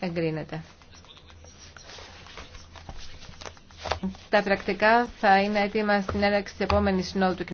εγκρίνεται. Τα πρακτικά θα είναι έτοιμα στην έναρξη τη επόμενη συνόδου του